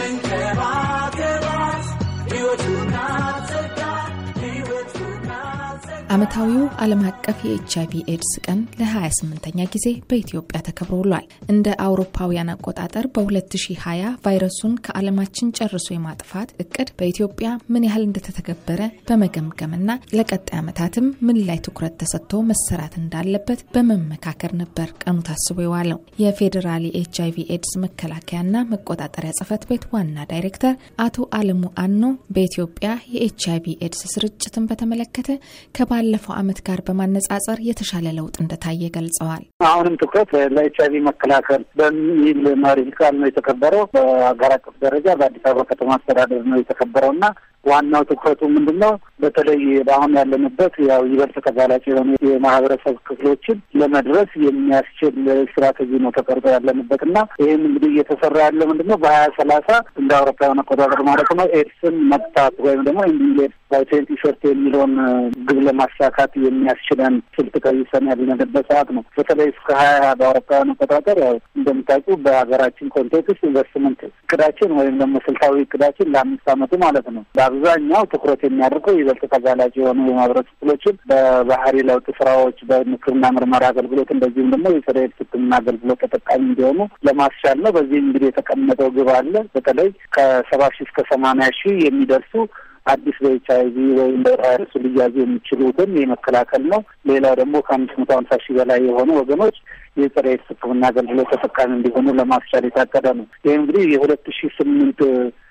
and ዓመታዊው ዓለም አቀፍ የኤች አይቪ ኤድስ ቀን ለ28ኛ ጊዜ በኢትዮጵያ ተከብሮ ውሏል። እንደ አውሮፓውያን አቆጣጠር በ2020 ቫይረሱን ከዓለማችን ጨርሶ የማጥፋት እቅድ በኢትዮጵያ ምን ያህል እንደተተገበረ በመገምገምና ለቀጣይ ዓመታትም ምን ላይ ትኩረት ተሰጥቶ መሰራት እንዳለበት በመመካከር ነበር ቀኑ ታስቦ የዋለው። የፌዴራል የኤች አይቪ ኤድስ መከላከያና መቆጣጠሪያ ጽህፈት ቤት ዋና ዳይሬክተር አቶ አለሙ አኖ በኢትዮጵያ የኤች አይቪ ኤድስ ስርጭትን በተመለከተ ከባ ካለፈው ዓመት ጋር በማነጻጸር የተሻለ ለውጥ እንደታየ ገልጸዋል። አሁንም ትኩረት ለኤች መከላከል በሚል መሪ ቃል ነው የተከበረው። በሀገር አቀፍ ደረጃ በአዲስ አበባ ከተማ አስተዳደር ነው የተከበረው እና ዋናው ትኩረቱ ምንድን ነው? በተለይ በአሁን ያለንበት ያው ይበልጥ ተጋላጭ የሆኑ የማህበረሰብ ክፍሎችን ለመድረስ የሚያስችል ስትራቴጂ ነው ተቀርጾ ያለንበት እና ይህም እንግዲህ እየተሰራ ያለው ምንድን ነው በሀያ ሰላሳ እንደ አውሮፓውያን አቆጣጠር ማለት ነው ኤድስን መጥታት ወይም ደግሞ ኢንዲንግ ኤድስ ላይሴንስ ቲሸርት የሚለውን ግብ ለማሳካት የሚያስችለን ስልት ቀይሰን ያለንበት ሰዓት ነው። በተለይ እስከ ሀያ በአውሮፓውያን አቆጣጠር ያው እንደምታውቁ በሀገራችን ኮንቴክስት ኢንቨስትመንት እቅዳችን ወይም ደግሞ ስልታዊ እቅዳችን ለአምስት አመቱ ማለት ነው በአብዛኛው ትኩረት የሚያደርገው ይበልጥ ተጋላጭ የሆኑ የማህበረሰብ ክፍሎችን በባህሪ ለውጥ ስራዎች፣ በምክርና ምርመራ አገልግሎት እንደዚሁም ደግሞ የሰራዊት ሕክምና አገልግሎት ተጠቃሚ እንዲሆኑ ለማስቻል ነው። በዚህ እንግዲህ የተቀመጠው ግብ አለ። በተለይ ከሰባ ሺህ እስከ ሰማንያ ሺህ የሚደርሱ አዲስ በኤች አይ ወይም በቫይረሱ ሊያዙ የሚችሉትን የመከላከል ነው። ሌላው ደግሞ ከአምስት መቶ ሀምሳ ሺህ በላይ የሆኑ ወገኖች የጸረ ኤድስ ሕክምና አገልግሎት ተጠቃሚ እንዲሆኑ ለማስቻል የታቀደ ነው። ይህ እንግዲህ የሁለት ሺ ስምንት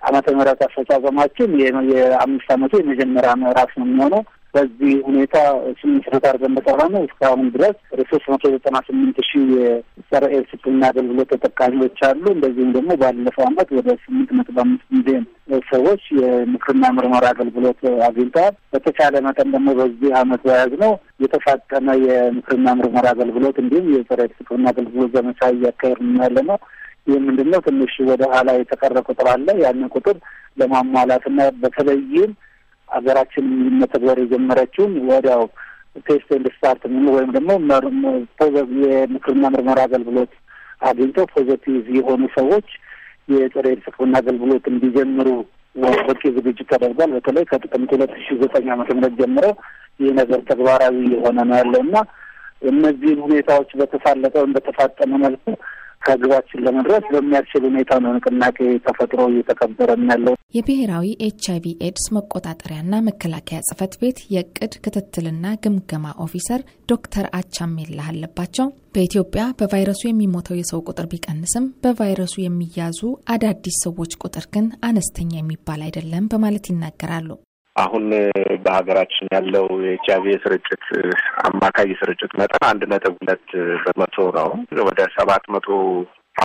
አመተ ምህረት አፈጻጸማችን የአምስት ዓመቱ የመጀመሪያ ምዕራፍ ነው የሚሆነው በዚህ ሁኔታ ስምንት መቶ አርገን በጠራነ እስካሁን ድረስ ወደ ሶስት መቶ ዘጠና ስምንት ሺህ የጸረ ኤድስ ሕክምና አገልግሎት ተጠቃሚዎች አሉ። እንደዚሁም ደግሞ ባለፈው አመት ወደ ስምንት መቶ በአምስት ሚሊዮን ሰዎች የምክርና ምርመራ አገልግሎት አግኝተዋል። በተቻለ መጠን ደግሞ በዚህ አመት ዓመት ነው የተፋጠመ የምክርና ምርመራ አገልግሎት እንዲሁም የጸረ ኤድስ ሕክምና አገልግሎት ዘመቻ እያካሄድን ያለ ነው። ይህ ምንድን ነው? ትንሽ ወደ ኋላ የተቀረ ቁጥር አለ። ያንን ቁጥር ለማሟላትና በተለይም ሀገራችን መተግበር የጀመረችውን ወዲያው ቴስት ኤንድ ስታርት ምን ወይም ደግሞ የምክርና ምርመራ አገልግሎት አግኝተው ፖዘቲቭ የሆኑ ሰዎች የጥሬ ኤድስ ሕክምና አገልግሎት እንዲጀምሩ በቂ ዝግጅት ተደርጓል። በተለይ ከጥቅምት ሁለት ሺ ዘጠኝ ዓመተ ምህረት ጀምሮ ይህ ነገር ተግባራዊ የሆነ ነው ያለው እና እነዚህን ሁኔታዎች በተሳለጠ ወይም በተፋጠነ መልኩ ከግባችን ለመድረስ በሚያስችል ሁኔታ ነው ንቅናቄ ተፈጥሮ እየተከበረ ያለው። የብሔራዊ ኤች አይቪ ኤድስ መቆጣጠሪያና መከላከያ ጽህፈት ቤት የእቅድ ክትትልና ግምገማ ኦፊሰር ዶክተር አቻሜላ አለባቸው በኢትዮጵያ በቫይረሱ የሚሞተው የሰው ቁጥር ቢቀንስም በቫይረሱ የሚያዙ አዳዲስ ሰዎች ቁጥር ግን አነስተኛ የሚባል አይደለም በማለት ይናገራሉ። አሁን በሀገራችን ያለው የኤች አይቪ የስርጭት አማካይ የስርጭት መጠን አንድ ነጥብ ሁለት በመቶ ነው። ወደ ሰባት መቶ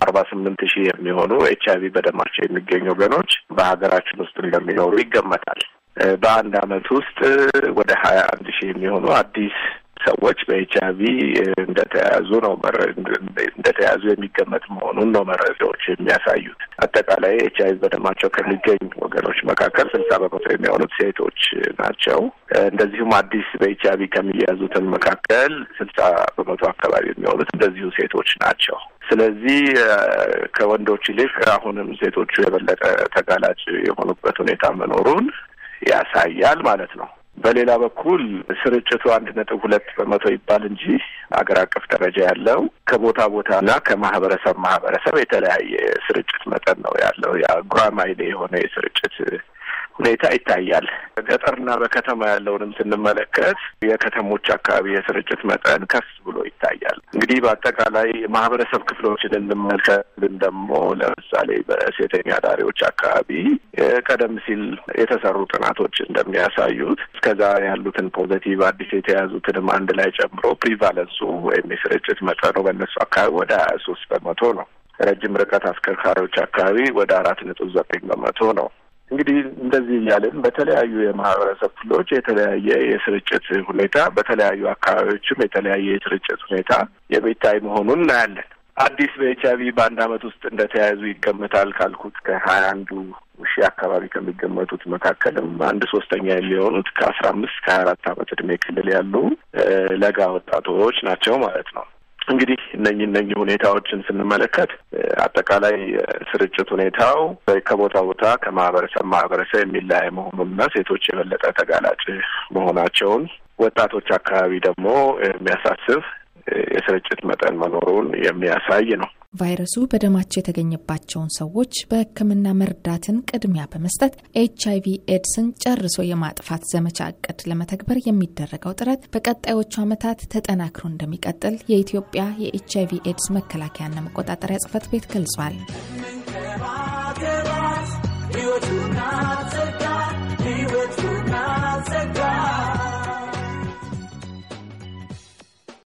አርባ ስምንት ሺህ የሚሆኑ ኤች አይቪ በደማቸው የሚገኙ ወገኖች በሀገራችን ውስጥ እንደሚኖሩ ይገመታል። በአንድ አመት ውስጥ ወደ ሀያ አንድ ሺህ የሚሆኑ አዲስ ሰዎች በኤች አይቪ እንደተያዙ ነው እንደተያዙ የሚገመት መሆኑን ነው መረጃዎች የሚያሳዩት። አጠቃላይ ኤች አይቪ በደማቸው ከሚገኙ ወገኖች መካከል ስልሳ በመቶ የሚሆኑት ሴቶች ናቸው። እንደዚሁም አዲስ በኤች አይቪ ከሚያዙትን መካከል ስልሳ በመቶ አካባቢ የሚሆኑት እንደዚሁ ሴቶች ናቸው። ስለዚህ ከወንዶች ይልቅ አሁንም ሴቶቹ የበለጠ ተጋላጭ የሆኑበት ሁኔታ መኖሩን ያሳያል ማለት ነው። በሌላ በኩል ስርጭቱ አንድ ነጥብ ሁለት በመቶ ይባል እንጂ አገር አቀፍ ደረጃ ያለው ከቦታ ቦታ እና ከማህበረሰብ ማህበረሰብ የተለያየ ስርጭት መጠን ነው ያለው። ያ ጉራማይሌ የሆነ የስርጭት ሁኔታ ይታያል። በገጠርና በከተማ ያለውንም ስንመለከት የከተሞች አካባቢ የስርጭት መጠን ከፍ ብሎ ይታያል። እንግዲህ በአጠቃላይ ማህበረሰብ ክፍሎችን እንመልከት ግን ደግሞ ለምሳሌ በሴተኛ ዳሪዎች አካባቢ ቀደም ሲል የተሰሩ ጥናቶች እንደሚያሳዩት እስከዛ ያሉትን ፖዘቲቭ አዲስ የተያዙትንም አንድ ላይ ጨምሮ ፕሪቫለንሱ ወይም የስርጭት መጠኑ በእነሱ አካባቢ ወደ ሀያ ሶስት በመቶ ነው። ረጅም ርቀት አስከርካሪዎች አካባቢ ወደ አራት ነጥብ ዘጠኝ በመቶ ነው። እንግዲህ እንደዚህ እያለን በተለያዩ የማህበረሰብ ክፍሎች የተለያየ የስርጭት ሁኔታ፣ በተለያዩ አካባቢዎችም የተለያየ የስርጭት ሁኔታ የሚታይ መሆኑን እናያለን። አዲስ በኤች አይቪ በአንድ አመት ውስጥ እንደተያያዙ ይገመታል ካልኩት ከሀያ አንዱ ሺህ አካባቢ ከሚገመቱት መካከልም አንድ ሶስተኛ የሚሆኑት ከአስራ አምስት ከሀያ አራት አመት እድሜ ክልል ያሉ ለጋ ወጣቶች ናቸው ማለት ነው። እንግዲህ እነኚህ እነኚህ ሁኔታዎችን ስንመለከት አጠቃላይ ስርጭት ሁኔታው ከቦታ ቦታ ከማህበረሰብ ማህበረሰብ የሚለያይ መሆኑንና ሴቶች የበለጠ ተጋላጭ መሆናቸውን ወጣቶች አካባቢ ደግሞ የሚያሳስብ የስርጭት መጠን መኖሩን የሚያሳይ ነው። ቫይረሱ በደማቸው የተገኘባቸውን ሰዎች በሕክምና መርዳትን ቅድሚያ በመስጠት ኤች ቪ ኤድስን ጨርሶ የማጥፋት ዘመቻ እቅድ ለመተግበር የሚደረገው ጥረት በቀጣዮቹ ዓመታት ተጠናክሮ እንደሚቀጥል የኢትዮጵያ የኤች ቪ ኤድስ መከላከያና መቆጣጠሪያ ጽህፈት ቤት ገልጿል።